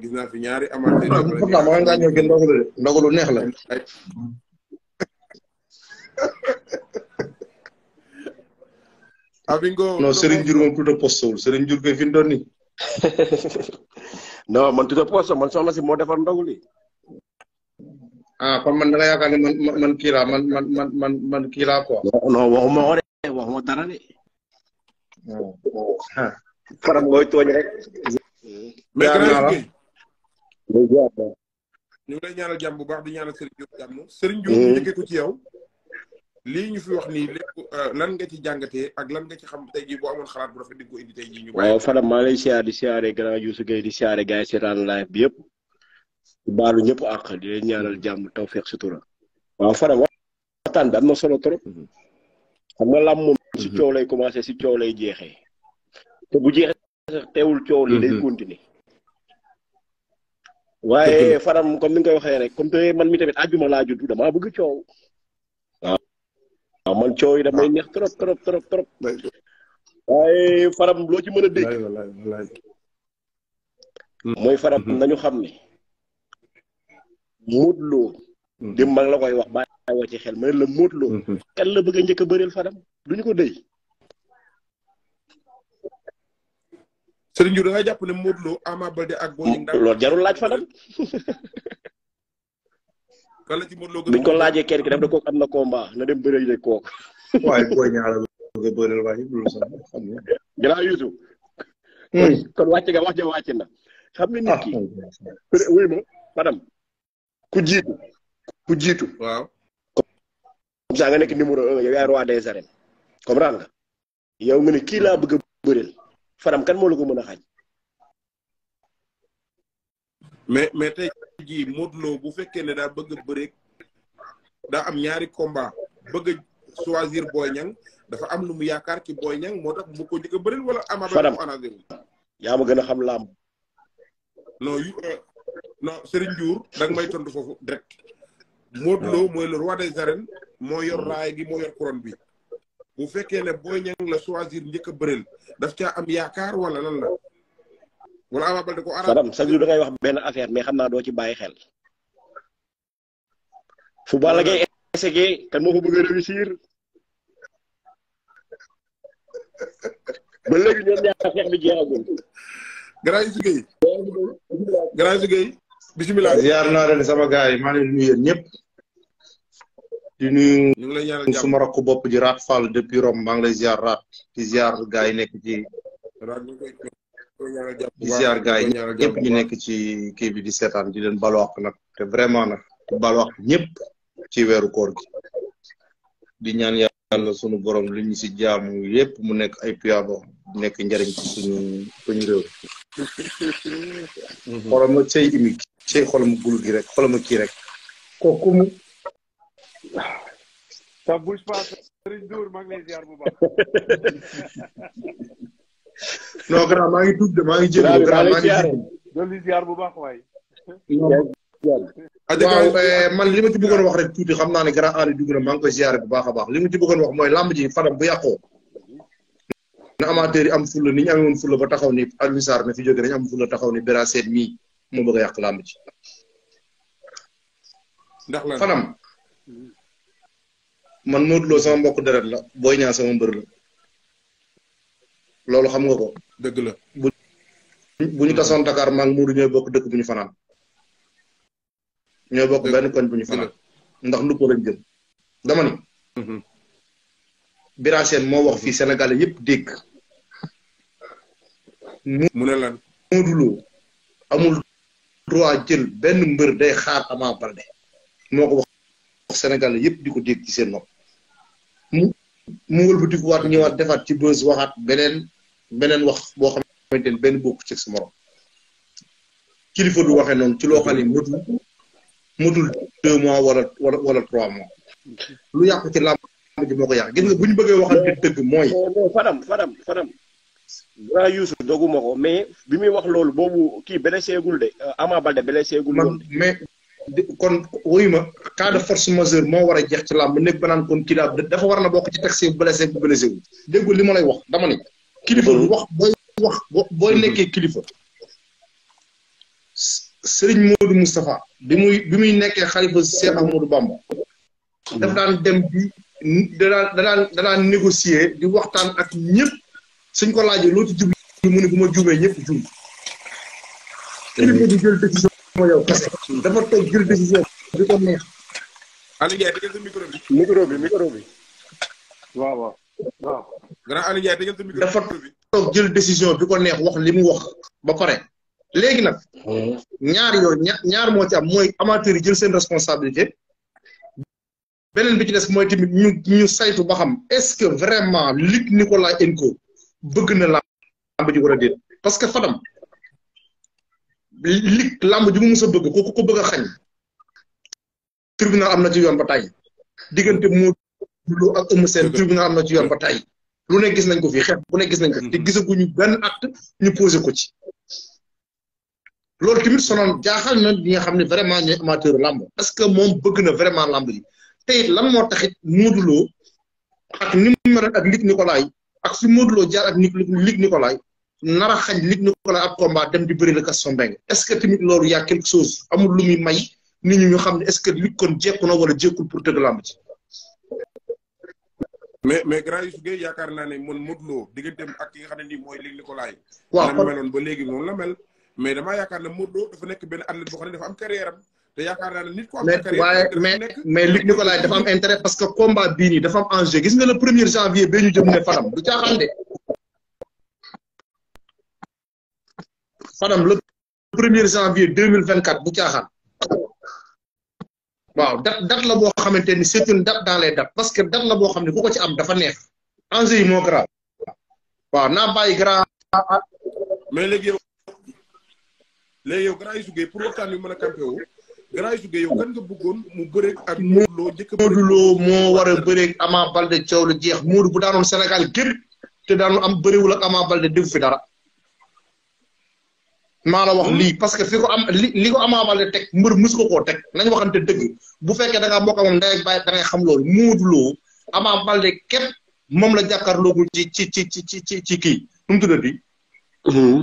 gis naa fi ñaari amateur. waaw waaw gën lu neex la. Abingo. non Serigne Diour moom tuuti poste Serigne Diour kay fi mu doon nii. man tuuti poste man soxna defar li. ah kon man da nga man man kii man man man man man kii laa waxuma ko de waxuma dara de. Ah, rek. mais ñu ngi lay ñaanal jàmm bu baax di ñaanal Serigne eh. ñu lii ñu fi wax nii lépp euh, lan nga ci jàngatee ak lan nga ci xam tey jii boo amoon xalaat bu rafet di indi tey jii ñu. Fadam maa lay siyaar di siyaare grand Youssou Gueye di siyaare gars seetaan live bi yëpp. baalu ñëpp àq di leen ñaanal jàmm tawfeex sutura. waaw Fadam waxtaan bi am na solo trop. Mm-hmm. xam nga làmb moom. si mm-hmm. coow lay commencé si coow lay jeexee. te bu jeexee sax teewul coow li day mm-hmm. continuer waaye faram comme ni nga koy waxee rek comme te man mi tamit àjjuma laa judd damaa bëgg coow. waaw ah. ah, waaw man coow damay neex trop trop trop waaye faram loo ci mën a dégg. Hmm. mooy faram hmm. nañu xam ne. Modou Lo. Hmm. di mag la koy wax bàyyi woo ci xel ma la Modou Lo. la bëgg a njëkk a faram lu ñu ko dëy Serigne Diouf da ngay jàpp Ama Baldé ak. Boy Niang loolu laaj Fadam. kan la ci ko laajee kenn ki daf ne kooku am na combat na dem bëre de kooku. waaye hmm. kon wàcc nga wax ja wàcc wuy ah, ma madame ku jiitu ku jiitu. waaw. comme ça nga nekk numéro un yow yaay roi des arènes comprendre nga. yow nga ne kii laa bëgg faram kan moo la ko mën a xañ mais mais tey jii Modou bu fekkee ne daal bëgg a daa am ñaari combat bëgg a choisir Boy Niang dafa am lu mu yaakaar ci Boy moo tax mu ko njëkk a wala. Ama Baldé arrangé wu. yaa gën a xam làmb. non yu euh, non Serigne Diour da nga may tontu foofu direct. Lo ah. mooy le roi des arènes moo yor raay gi moo yor couronne bi. bu fekkee ne Boy Niang la choisir njëkk a bëreel daf caa am yaakaar wala lan la. wala Ama Baldé da ko aram chaque jour da ngay wax benn affaire mais xam na doo ci bàyyi xel. fu Balla Gaye essayé kan moo fa bëgg réussir. ba léegi ñoom ñaar xeex bi jeexagul. Grand Issa Gueye. Grand Issa Gueye bisimilah. di nuyu suma rakk bopp ji Rat Fall depuis Rome maa ngi lay ziar Rat di ziar gars yi ci di ziar gars yi ñëpp ñu ci bi di di te vraiment ci weeru koor gi di ñaan yàlla sunu borom li si jaamu yépp mu nekk ay piyado nekk njariñ ci suñu suñu réew xolama cey imik cey xolama gul gi rek xolama rek Să buși patru dur, mă gândesc iar buba. No, gra, mai dubde, mai gelo, gra, mai gelo. dă man li ma bukan bëggoon wax rek tuuti xam naa ne grand Henri dugg na maa ngi koy ziare bu baax a baax li ma ci bëggoon wax mooy lamb ji bu yàqoo na amateur yi am fulla ni ni ni man Modou Lo sama mbokk deret la Boy Niang sama mbeur la loolu xam nga ko. deug la buñu bu ñu Dakar maa ngi Modou ñooy bokk dekk buñu ñu ñoy ñooy bokk benn koñ buñu ñu ndax lu ko lañ jëm. dama ni. Mhm. Bira Sène mo wax fi senegal yépp dekk mu ne lan Modou Lo amul droit jël ben mbeur day xaar Ama balde moko Sénégal yëpp di ko dégg ci seen nopp mu mu wëlbatiku waat ñëwaat defaat ci bës waxaat beneen beneen wax boo xamante ne benn bokk ci sa morom kilifa du waxee noonu ci loo xam ne motul motul deux mois wala wala wala trois mois lu yàqu ci làmb ji moo ko yàq gis nga bu ñu bëggee waxante dëgg mooy. Fadam Fadam Fadam. Grand Youssou doguma ko mais bi muy wax loolu boobu kii blessé gul de Ama Balde blessé gul. man mais kon wuyu ma cas de force majeure moo war a jeex ci làmb nekk ba naan kon kii dafa war na bokk ci taxi bu blessé bu blessé wu li ma lay wax dama ne. kilifa wax booy wax booy nekkee kilifa. sëriñ Modou Moustapha bi muy bi muy nekkee xalifa Cheikh Ahmadou Bamba. daf daan dem da daan da daan di waxtaan ak ñëpp suñ ko laajee loo ci jublu mu ne bu ma juumee ñëpp juum. ma yow parce que dafa teg bi ko neex. Aliou bi. micro bi toog jël décision bi ko neex wax li mu wax ba pare. léegi nag. ñaar yooyu ñaar ñaar moo ci am mooy amateurs yi jël seen responsabilité. beneen bi ci des mooy tamit ñu saytu ba xam est-ce que vraiment Luc Nicolaï Enco bëgg na làmb parce que Fadam. lig làmb ji mu mës a bëgg kooku ko bëgg a xañ tribunal am na ci yoon ba tey diggante mu Lô ak Eumeu Sène tribunal am na ci yoon ba tey lu ne gis nañ ko fii xeet bu ne gis nañ ko fi te ñu benn acte ñu posé ko ci loolu tamit sonoon jaaxal na ñi nga xam ne vraiment ñooy amateur làmb parce que moom bëgg na vraiment làmb ji te it lan moo taxit Modou Lô ak ni mu meloon ak Luc Nicolaï ak fi Modou Lô jaar ak Luc Nicolaï nara xañ nit ni ko la ab combat dem di bëri la Gaston Mbengue est-ce que timit loolu ya quelque chose amul lu muy may nit ñi ñu xam ne est-ce que lig kon jekku na wala jekkul pour tëgg làmb ci mais mais grand Youssou Gueye yaakaar naa ne man Modou Lo digganteem ak ki nga xam ne nii mooy lig ni ko laay waaw la meloon ba léegi moom la mel mais dama yaakaar ne Modou Lo dafa nekk benn athlète boo xam ne dafa am carrière am te yaakaar naa ne nit ko am carrière mais mais lig ni ko laay dafa am intérêt parce que combat bii nii dafa am enjeu gis nga le premier janvier ba ñu jëm ne faram du caaxaan de maanaam le premier janvier deux mille vingt quatre bu caaxaan waaw date date la boo xamante ni c'est une date dans parce que date la boo xam ne ku ko ci am dafa neex enjeu yi moo grave waaw naa bàyyi grand. mais léegi yow léegi yow grand Youssouf Gueye pour waxtaan wi mën a campé wu grand Youssouf Gueye kan nga bëggoon mu bëreeg ak. Modou Lo njëkk a bëreeg Modou a Balde coow lu jeex Modou bu daanoon Sénégal gépp te daanu am bëriwul am Ama Balde dégg fi dara. maa la wax hmm. lii parce que fi ko am li li ko Ama teg mbër mus ko koo teg nañ waxante dëgg bu fekkee da ngaa bokk moom da ngay bàyyi da xam loolu Modou Lo Ama Baldé képp moom la jàkkaarloogul ci ci ci ci ci ci kii nu mu tuddati. Hmm.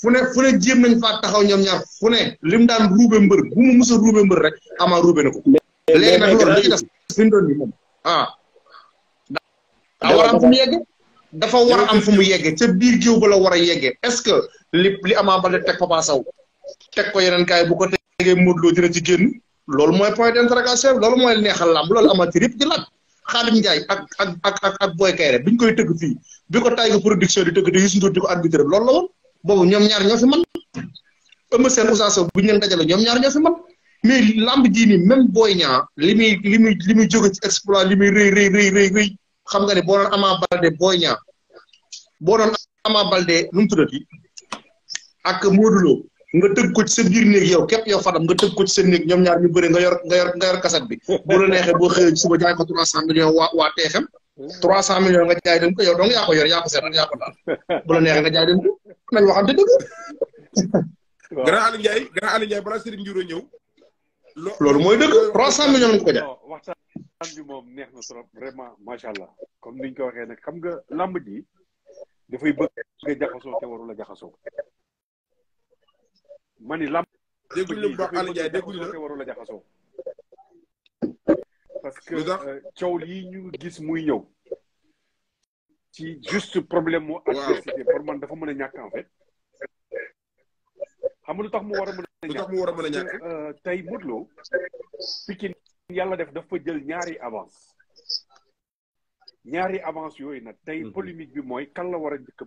fu ne fu jéem nañ faa taxaw ñoom ñaar fu ne lim daan ruube mbër bu mu mus a mbër rek Ama ruube na ko. léegi nag loolu dañuy des fi mu moom ah. a am fu mu yeggee dafa war am fu yeggee ca biir géew ba la war a yeggee est-ce que. li li Ama Baldé teg Papa saw tek ko yenen kay bu ko tege Modou dina ci genn loolu moy point d'interrogation loolu moy neexal lamb loolu amateur yëpp di laaj Xaadim Njaay ak ak ak ak ak Boy Kayre buñ koy teug fi bi ko Taïga production di teug te Youssou Ndour ko arbitre loolu la won boobu ñom ñaar ñofi man Eumeu Sène Ousa Sow bu ñu leen dajale ñom ñaar ñofi man mais lamb jii ni même Boy Niang limi limi limi joge ci exploit limi reuy reuy reuy reuy reuy xam nga ne boo doon Ama Baldé Boy Niang bo don Ama Baldé nu mu tuddati ak Modou Lo nga tëgg ko ci sa biir néeg yow képp yow Fadam nga tëgg ko ci sa néeg ñoom ñaar ñu bëri nga yor nga yor nga yor kaset bi bu la neexee boo xëyee suba jaay ko trois cent millions waa waa TFM trois cent millions nga jaay dem ko yow donc yaa ko yor yaa ko seetal daal bu neexee nga jaay dem ko nañ waxante dëgg grand Aliou Ndiaye grand balaa Serigne Ndiour a ñëw loolu mooy dëgg trois cent millions lañ ko jaay waxtaan bi neex na trop vraiment macha allah comme niñ ko waxee nag xam nga làmb ji dafay bëgg nga jaxasoo te warul a jaxasoo ma ni lam dégguñ la baax Aliou Ndiaye dégguñ la warul a jaxasoo parce que euh, coow yi ñu gis muy ñëw ci juste problème mu adversité pour man dafa mën a ñàkk en fait xam nga tax mu war a mën a ñàkk war a mën a euh, tey Modou Lo yàlla def dafa jël ñaari avance ñaari avance yooyu nag tey mhm. polémique bi mooy kan la war a njëkk a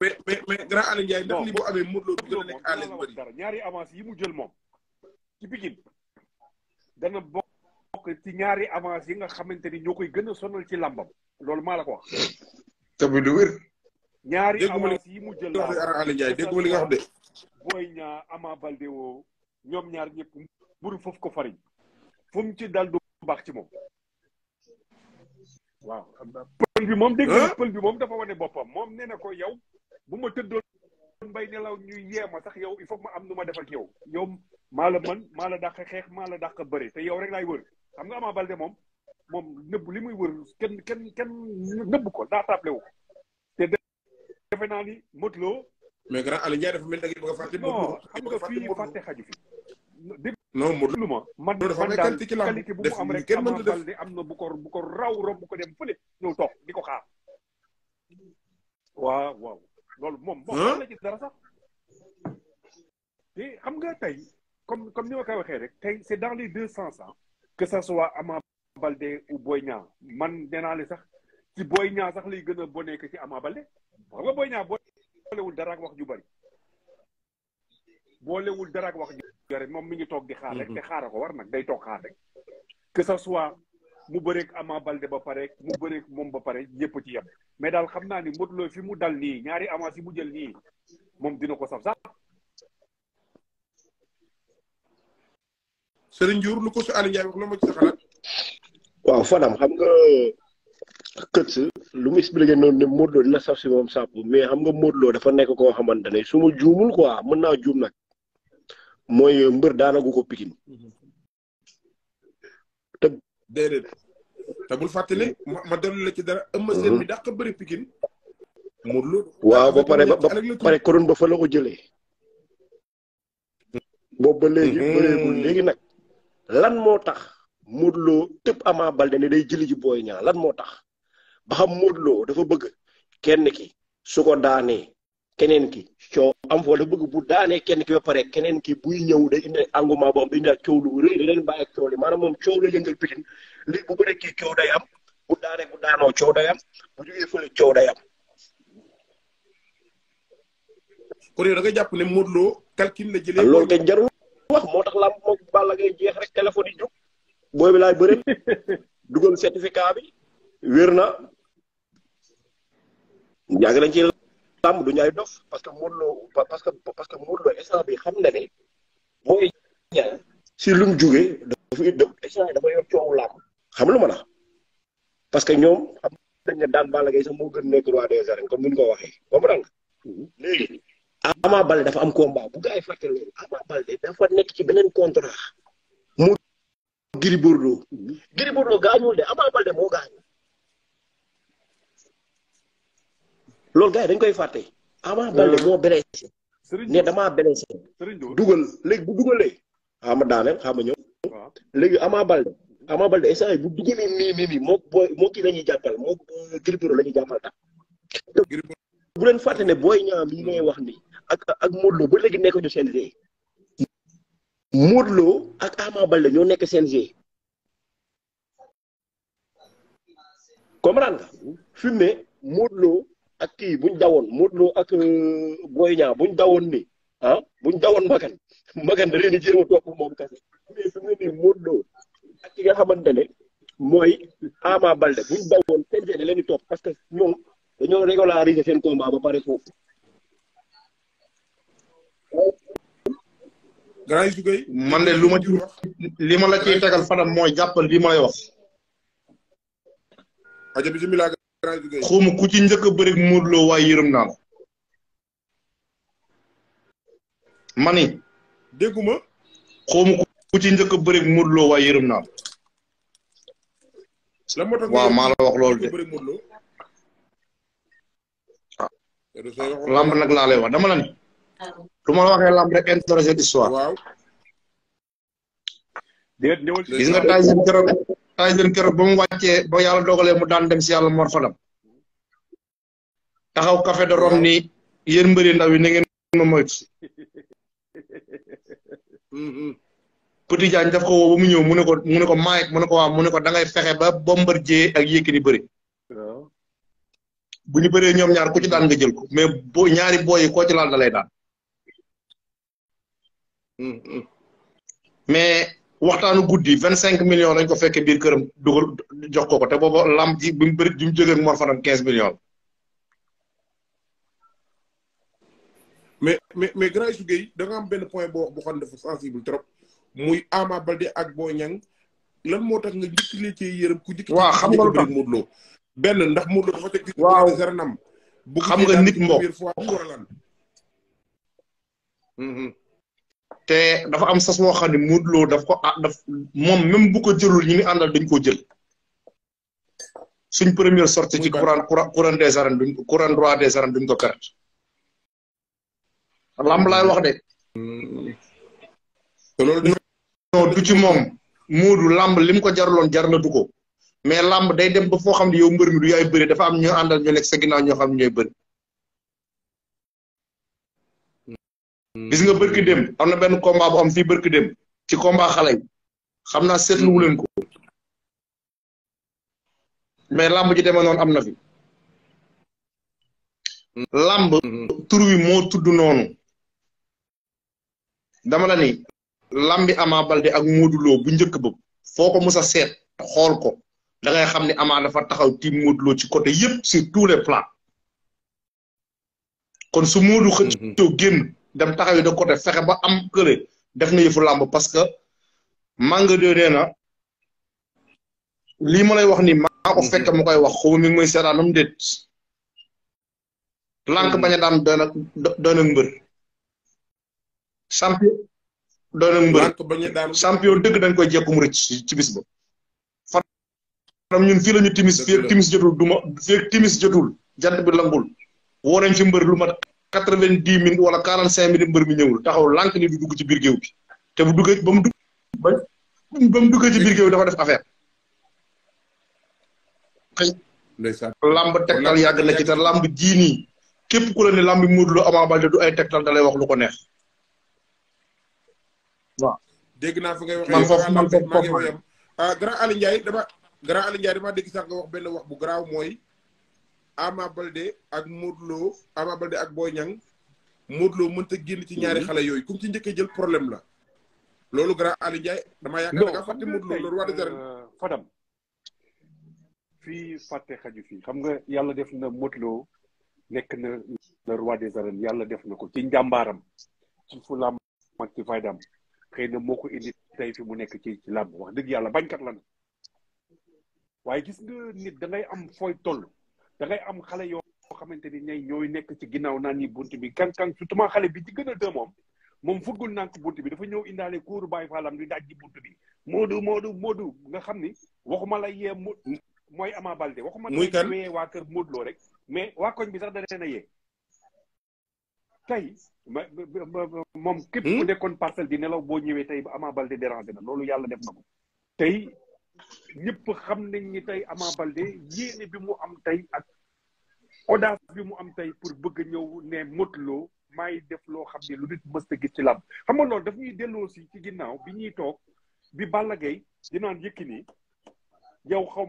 mais mais mais grand Aliou Ndiaye boo amee Modou Lo du gën a nekk dara ñaari avance yi mu jël moom ci Pikine dana bokk ci ñaari avance yi nga xamante ni ñoo koy gën a sonal ci làmbam loolu maa la ko wax te bu du wér ñaari avance yi mu jël la grand Aliou Ndiaye dégguma li wax de Boy Niang Ama ñoom ñaar ñëpp mburu foofu ko fariñ fu mu ci dal du baax ci moom waaw pël bi moom dégg bi moom dafa wane boppam moom nee na ko yow bu ma tëddoon bay nelaw ñuy yeema sax yow il faut ma am nu ma def ak yow yow maa la mën maa la dàq xeex maa la dàq bëre te yow rek laay wër xam nga Ama Baldé moom moom nëbb li muy wër kenn kenn kenn nëbb ko daa taable wu te defe naa ni Modou Lo mais grand Aliou Ndiaye mel da ngeen bëgg a fàtte non xaju fi non Modou Lo man man daal qualité bu mu am rek Ama Baldé am na bu ko bu ko raw raw bu ko dem fële ñëw toog di ko xaar waaw waaw loolu moom moom la ci dara sax xam nga tey comme comme ni ma koy waxee rek tey c'est dans les deux sens ah que ça soit Ama Baldé ou man nee naa le sax ci Boy Niang sax lay gën a bonee que ci Ama Baldé xam nga Boy Niang boolewul dara ak wax ju bari boolewul dara ak wax yore mom mi ngi tok di xaar rek mhm. te xaar ko war nak day tok xaar rek que ça soit mu bëreeg Ama Balde ba pare mu bëreeg mom ba pare yépp ci yem mais dal xamna ni modlo fi mu dal ni ñaari ama ci mu jël ni mom dina ko saf sax Serigne Diour lu ko su Aliou ñay wax lu ma ci xalat xalaat waaw xam nga këts lu mu expliqué non ne modlo dina saf ci mom sàpp mais xam nga modlo dafa nekk ko xamantene su quoi mën naa juum mooy mbër daanagu ko pikin. te. bul fàttali ma ma dellu la ci dara. Eumeu Sène bi mhm. dàq pikin. mu waaw ba pare ba pare koron ba fa la ko jëlee. boobu ba léegi. Mhm. bëreegul léegi nag lan moo tax. Modou Lo tëb Ama Baldé ne day jëli ji Boy Niang lan moo tax. ba xam Modou dafa bëgg kenn ki su ko daanee keneen ki coow am fa la bu daanee kenn ki ba pare keneen ki buy ñëw day indi engouement ma day indi coow lu rëy da leen bàyyi coow li maanaam moom coow la yëngal pikin li bu bëree kii coow day am bu daanee bu daanoo coow day am bu jógee am. kon yow da jàpp ne Modou Lo calcul la jëlee. Ah, loolu wax moo tax làmb moom Balla ngay jeex rek téléphone yi jóg. booy bi laay bëri dugal certificat bi wér na. yàgg nañ tam du ñay dof parce que Modou parce que parce que Modou essa bi xam na ne booy ñal ci lu mu joggé da jugee essa da fa yor coowu làmb xam lu ma la parce que ñom xam dañ ne daan Balla Gaye sax mo gën nekk roi des arènes comme ni ñu ko waxee comprendre nga mhm. légui Ama Baldé dafa am combat bu gars yi fàtte loolu Ama Baldé dafa nekk ci benen contrat mu giri Bordeaux mhm. giri Bordeaux gañul de Ama Baldé mo gaañu loolu gars dañ koy fàtte. Ama Baldé euh. moo blessé. ne damaa blessé. dugal léegi bu dugalee. xaaral ma daaneel xaaral ñëw. léegi Ama Baldé. Ama Baldé instant yii bu dugalee nii nii nii moo kii la ñuy jàppal moo euh, Gris Bordeaux la ñuy jàppal daal. bu leen fàtte ne Boy Niang mi ngay wax ni ak ak Modou Lo ba léegi nekk ñu CNG. Modou Lo ak Ama Baldé ñoo nekk CNG. comprendre nga fi ne Modou ak kii buñ dawoon Modou ak euh, Boy Niang buñ dawoon ni ah buñ dawoon Mbagan Mbagan da leen a jéem a topp ak ki nga xamante ne mooy Ama Balde buñ dawoon CNG da leen di topp parce que ñoom dañoo régulariser seen combat ba pare foofu. garaay jugee man de lu ma ci wax li ma la ciy tegal fanam xawma ku ci njëkk a bëri Modou Lo waaye yërëm naa la. ma ci njëkk a bëri Modou Lo waaye yërëm naa la. waaw maa la ah. lamb nag laa lay wax dama la ni. lu ma la waxee lamb rek intéressé d'histoire. gis nga Tyson Tyson keroog ba mu wàccee ba yàlla dogalee mu daan dem si yàlla Mor Fadam taxaw café de Rome ni yéen mbëri ndaw yi na ngeen ma moytu Petit Diagne ko woo ba mu ñëw mu ne ko mu ne ko maayit mu ne ko waaw mu ne ko da ngay fexe ba Bombardier ak Yékini bëri bu ñu bëree ñoom ñaar ku ci daan nga jël ko mais ñaari booy yi koo ci laal lay daan mm-hmm. mais waxtaanu guddi vingt cinq millions lañ ko fekkee biir këram dugal jox ko ko te booba lamb ji bi mu bëri bi mu jógee Mor Fadam quinze millions. mais mais mais grand Issou da am benn point boo wax boo xam ne dafa sensible trop muy Ama Baldé ak Boy Niang lan moo tax nga njëkkalee ci yërëm ku njëkk. waaw xam nga lu tax Modou Lo benn ndax waaw xam nga nit mbokk bu xam te dafa am sas boo xam ne Modou daf ko ah, daf moom même bu ko jëlul ñi muy àndal dañ ko jël suñ première sortie ci couronne couronne des arènes duñ couronne droit des arènes duñ ko perte lamb lay wax de mm. te non du ci moom Modou lamb lim ko jaraloon du ko mais lamb day dem ba foo xam ne yow mbër mi du yaay bëri dafa am ñoo àndal ñoo nekk sa ginnaaw ñoo xam ne ñooy bëri gis nga bërki am na ben combat bu am fii bërki dem ci combat xale xam naa seetluwu leen ko mais làmb ji demee noonu am na fi làmb tur moo tudd noonu dama la ni làmbi Ama Baldé ak Modou bu njëkk ba foo ko mos a seet xool ko da ngay xam ne Ama fa taxaw tiim Modou Lo ci côté yëpp sur tous les plans kon su Modou xëccoo génn dem taxawé de côté fexé ba am kële def na yëfu lamb parce que Manga de rena li ma lay wax ni ma ko fekk mu koy wax xaw mi ngi may seetaanam déet lànk hmm. bañ a daan doon ak doon ak mbër champion doon ak mbër champion deug dañ koy jekum rëcc ci bis ba fanam ñun fi lañu timis fi timis jëtul duma fi timis jëtul jant bi langul wonañ ci mbeur lu mat quatre vingt dix minutes wala quarante cinq minutes mbër mi ñëwul taxaw lànk ni du dugg ci biir géew bi te bu duggee ba mu dugg ba ba mu duggee ci biir géew dafa def affaire. xëy lamb tegtal yàgg na ci te lamb jii képp ku la ne lamb Modou Ama Baldé du ay tegtal da wax lu ko neex. waaw dégg naa fi ngay waxee man foofu man foofu man foofu. ah grand Aliou Ndiaye dama grand Aliou Ndiaye dama dégg sax nga wax benn wax bu garaaw mooy. Ama Baldé ak Modou Lo Ama ak Boy Niang Modou Lo mënta génn ci ñaari xale yooyu comme ci njëkkee jël problème la loolu grand Aliou Ndiaye damaa yaakaar da nga fàtte Modou Lo euh, fàtte xaju fii xam nga yàlla def na Modou nekk na le roi des arènes yàlla def na ko ci njàmbaaram ci fulaam ak ci faydam xëy na moo ko indi tey fi mu nekk ci ci làmb wax dëgg yàlla bañkat la na waaye gis nga nit da am fooy toll da ngay am xale yoo xamante ni ñay ñooy nekk ci ginnaaw naan ñi bunt bi kan-kan surtout xale bi ci gën a moom moom fuggul naan ko bunt bi dafa ñëw indaale kuuru Baay Faalam di daaj ji bunt bi Moodu Moodu Moodu nga xam ni waxuma lay yee mooy Ama Balde waxuma la wee waa kër Moodu rek mais waa koñ bi sax da leen a yee tey moom képp ku hmm? nekkoon parcelle di nelaw boo ñëwee tey amaa Balde déranger na loolu yàlla def na ko tey ñëpp xam nañ ni tey Ama Baldé yéene bi mu am tey ak audace bi mu am tey pour bëgg ñëw ne Modou Lo maay def loo xam ne lu nit mës a gis ci làmb xam nga loolu daf ñuy delloo ci ginnaaw bi ñuy toog bi Balla Gaye dinaan Yékini yow xaw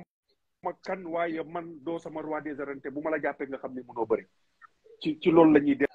ma kan waaye man doo sama roi des arènes bu ma la jàppee nga xam ne mënoo bari ci ci loolu la ñuy def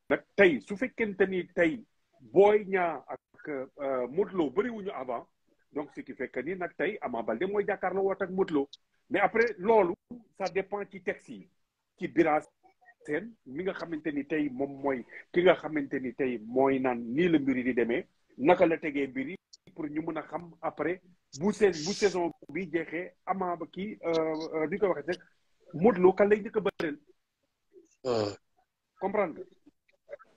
nag tey su fekkente ni tey booy ñaa ak euh, Modou Lo bëriwuñu avant donc ce qui fekk que nag tey Ama Baldé mooy jàkkaarloo woot ak Modou Lo mais après loolu ça dépend ci texte yi ci bira seen mi nga xamante ni tey moom mooy ki nga xamante ni tey mooy naan nii la mbir di demee naka la tegee mbir pour ñu mën a xam après bu sa bu saison bi jeexee Ama ba kii euh, euh, ni ñu koy waxee sax Modou Lo kan lay njëkk a bëreel comprendre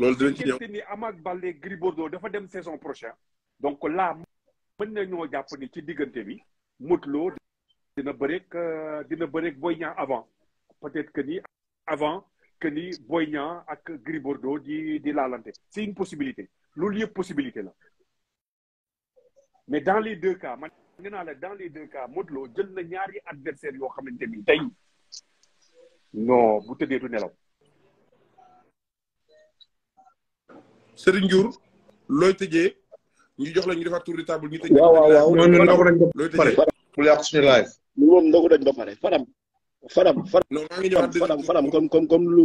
loolu dinañ ci ñëw ni Ama Baldé Gris Bordeaux dafa dem saison prochaine. donc là mën nañoo jàpp ni ci diggante bi Modou Lo dina bëreeg euh, dina bëreeg Boy avant peut-être que ni avant que ni Boy Niang ak Gris Bordeaux di di laalante c'est une possibilité loolu yëpp possibilité la mais dans les deux cas man nee naa la dans les deux cas Modou Lo jël na ñaari adversaire yoo xamante ni tey non bu tëddee du nelaw. Serigne Ndiour looy tëjee ñu jox la ñu defaat tour de table ñu tëj. waaw waaw waaw ñooñu yàq suñu live. ñu moom ndogu dañ ba pare faram. faram faram non maa ngi ñëwaat faram faram comme lu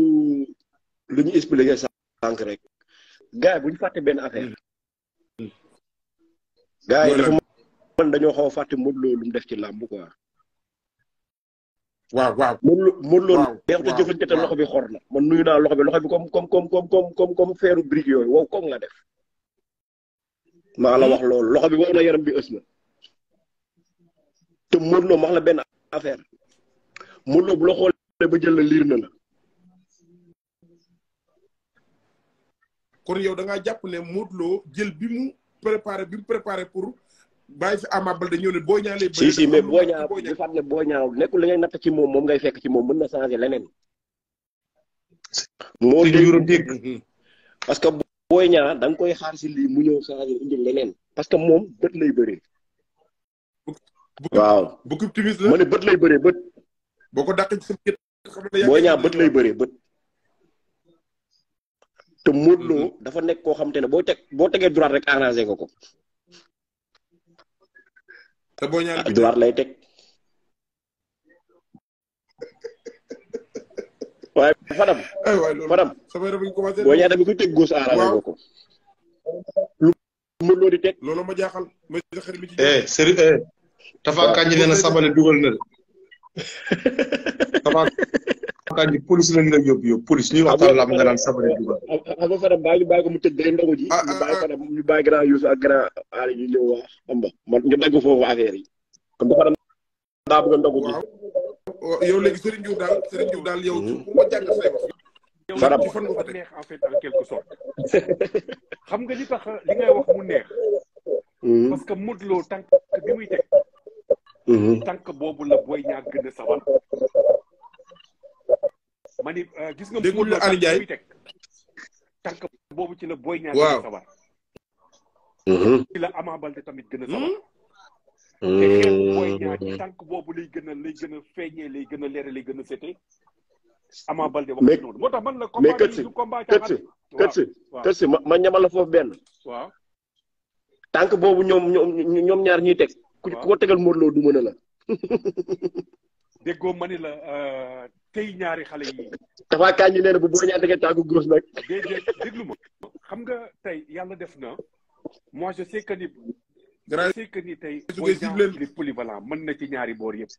lu ñu expliqué sànq rek. gars yi bu benn affaire. gars yi dafa mën dañoo xaw a fàtte Modou Lo lu mu def ci làmb quoi. waaw waaw Modou Lo Modou Lo. waaw waaw waaw te loxo bi xor na. man nuyu naa loxo bi loxo bi comme comme comme comme comme comme feeru brique yooyu wow koŋŋ la def. wax loolu loxo bi wow na yaram bi ës na. te Modou Lo affaire. Modou Lo ba jël la liir na kon yow da jàpp le Modou Lo jël bi mu préparé bi mu préparé pour. bàyyi fi Ama Baldé ñëw ne boo si si mais boo ñaaw bu fàttali boo ñaaw nekkul li ngay natt ci moom moom ngay fekk ci moom mën na changé leneen. moo dégg mhm. parce que booy ñaa da koy xaar si lii mu ñëw changé indi leneen parce que moom bët lay bëree. waaw bu ko optimiste la ma bët lay bëree bët. boo ko dàqee ci boo ñaa bët lay bëree bët. te Modou Lo mhm. dafa nekk koo xam te ne boo teg boo tegee droit rek arrangé nga ko. te boo lay teg. waaye Fadam. aywa loolu Fadam. sama yëngu commencé bi ku teg gos aaraale ko. lu mu loo di teg. loolu ma jaaxal. eh Serigne eh, Tafa Kañ nee na Sabali dugal na de. avocat yi police lañ la yóbbu yóbbu police ñuy waxtaan la nga naan sabare dugal. Ah, xam ah, ah, nga Fadam bàyyi ñu bàyyi mu tëdd day ndogu ji. ñu bàyyi Fadam ñu bàyyi grand Youssou ak grand Ali man ñu dagg foofu a ndogu ji. yow daal quelque sorte. xam nga li tax li ngay wax mu neex. Hmm. parce que Modou Lo tànk bi muy teg. Hmm. boobu la booy ñaa gën sabar. ma ni euh, gis nga. déglu Aliou Ndiaye teg tànk boobu ci la Boy Niang. waaw sabar. Mm-hmm. la Ama Baldé tamit gën a sabar. Mm-hmm. te xeetu mm-hmm. boobu lay gën a lay gën a lay gën a leere lay gën a sete. Ama Baldé wax noonu moo tax man la. mais kët si kët ma ñamal foofu benn. waaw. boobu ñoom ñoom ñoom ñaar ñuy teg. ku ko tegal Modou Lo du a la. déggoo ma ni la euh, tey ñaari xale yi. dafa kañ nee na bu boo ñaata nga tàggu gros nag. déedéet déglu ma xam nga tey yàlla def na moi je sais que ni. je sais que ni tey. mooy genre mën na ci ñaari boor yëpp.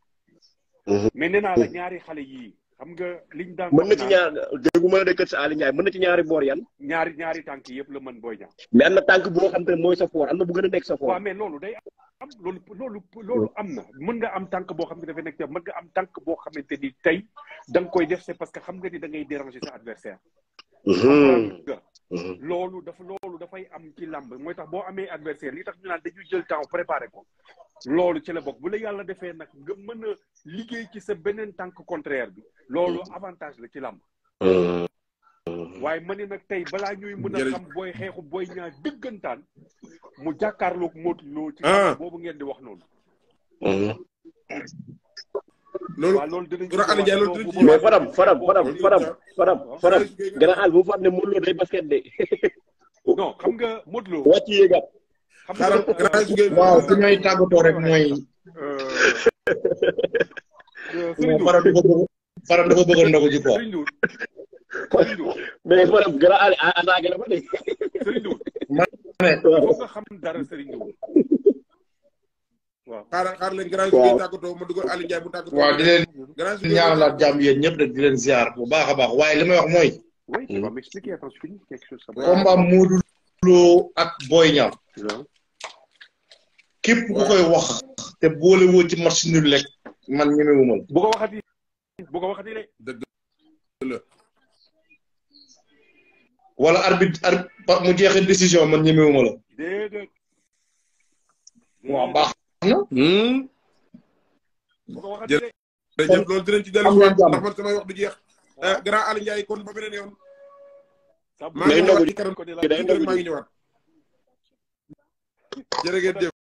Mhm. mais nee la mhm. ñaari xale yii. xam nga liñ daan mën na ci ñaar déggu la dëkkat ci Ali Ndiaye mën na ci ñaari bor yan ñaari ñaari tank yépp la mën boy ñaar mais amna tank bo boo moy sa for amna bu gëna a nekk sa for waaw mais lolu day am lolu lolu lolu amna mën nga am tank bo xam dafa dafay ci mën nga am tank bo xamante ni tey da nga koy def c'est parce que xam nga ni da ngay déranger sa adversaire mhm. mhm. lolu dafa lolu da fay am ci lamb moy tax bo amé adversaire li tax ñu naan dañu jël temps préparer ko loolu ci la bokk bu la yàlla defee nag nga mën a liggéey ci sa beneen tànk contraire bi loolu mm. avantage la ci làmb euh. waaye ma nag tey balaa ñuy mën a xam booy xeexu booy ñaa dëggantaan mu jàkkaarloog Modou Lo ci ah. boobu ngeen di wax noonu loolu mm. waaw loolu dinañ ci mais Fadam Fadam Fadam Fadam Fadam Fadam gannaaw àll bu fa am ne Modou Lo day basket de non xam nga Modou Lo wàcc xaaral waaw su ñooy tàggatoo rek mooy. Euh, Fara dafa bëgg Fara dafa bëgg a ndogu a attaqué na bu di leen ñaanalaat jàmm yéen ñëpp de di leen ziar bu baax a baax waaye li may wax ak Boy Niang képp ku koy wax te boole woo ci lekk man ñemewuma la. bu ko waxati ko waxati rek. wala arbitre arbitre mu jeexee décision man ñemewuma la. déedéet. waaw baax na. Hmm? bu ko ci dellu ndax man wax du jeex. Eh, grand Aliou Ndiaye kon ba beneen